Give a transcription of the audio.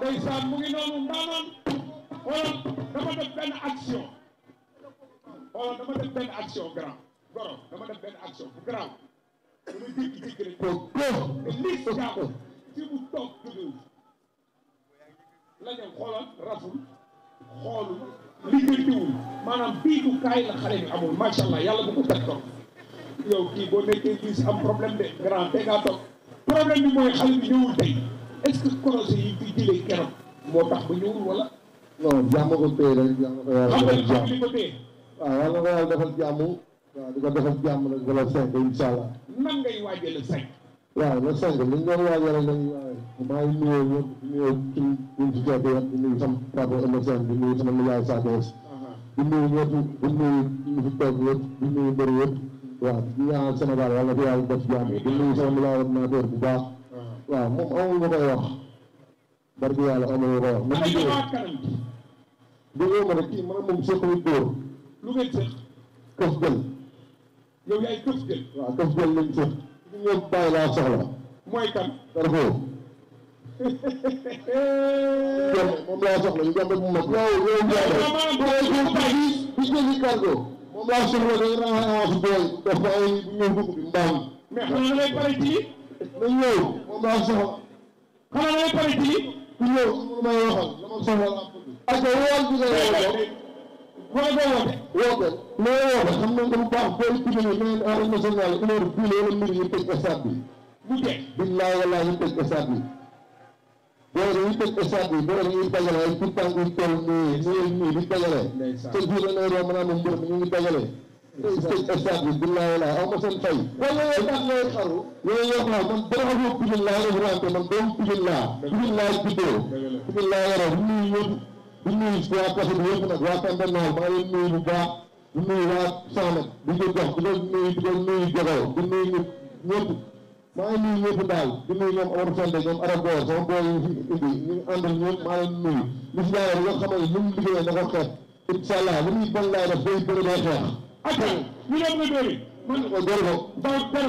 ndeysaan mu ngi noonu ndaanaan xoolal dama def benn action xoolal dama def benn action grand goro dama def benn action bu grand dama jékki-jékki rek toog toog te Liss Ndiago fi mu toog jógewu la ñëw xoolal raful xoolul liggéeyuwul maanaam bii du la amul allah bu ko teg toog yow kii boo nekkee gis am problème de grand te ngaa problème bi mooy xale bi est-ce que projet yi fi jëlee keroog moo tax ba ñëwul wala. non jàmm ko téye rek jàmm ko yàlla ah, defal jàmm waaw yàlla ko yàlla defal jàmm waaw di ko defal jàmm nag wala cinq incha allah. nan ngay waajal le cinq. waaw le cinq liñ doon waajal rek lañ maa ngi nuyoo ñëpp nuyoo ci buñ ci joxe yëpp di nuyu sama papa Emerson di nuyu sama nijaay Sadio uh-huh. di nuyu ñëpp di nuyu ñu fi toog yëpp di nuyu mbër yëpp waaw di ñaanal Sénégal wala fi yàlla def jàmm di nuyu sama nijaay ordinateur bu baax waaw moom amul lu koy wax barki yàlla amul lu koy wax. man de déggoo lu ngeen seq. këf gël. yow yaay këf gël. waaw këf gël lañ seq. ñu ñëw bàyyi soxla. mooy kan. Zarko. moom laa soxla ñu jàpp mu mag. waaw yow jaay ko. moom laa soxla dañu naan avance booy. dafa ay ñëw dugg bi mbaam. mais lay ci. nañ ñëw moom laa soxla xanaa da nga pare ci ku ñëw may waxal la ma soxla laa bëgg parce que wool bi nga woo ko woo ko loo woo ko xam nañ ko bu baax booy tudd ne neen arène nationale une heure bii la wala mbir yi tëj stade bi mu teg billaay wallaay ñu tëj stade bi boo dañuy tëj stade bi boo dañuy dajale ay tout temps ñu toll nii nii nii di dajale te biir la nay romb naa ne mbir mi ñu ngi dajale stade bi billahi wala aw ma seen fay wala yow tax ngay xaru yow yow naa man dara xamoo pigil laa rek rante man doomu pigil laa pigil laa juddoo pigil laa yaroo bu nuyu yëpp bu nuyu waa kaso bi yëpp nag waa tàmbe noor maa ngi nuyu bu baax bu nuyu waa saanak bu ko jox bu doon nuyu bu doon nuyu jogaw bu nuyu ñëpp ñëpp maa ngi nuyu ñëpp daal di nuyu ñoom Omar Sande ñoom Araboor sama booy yi fi indi ñu àndal ñëpp maa ngi nuyu li fi yaayoo yoo xamal lu mu liggéeyee na ko xeex incha allah lu muy bon laay def day bëri day xeex Okay, we don't agree.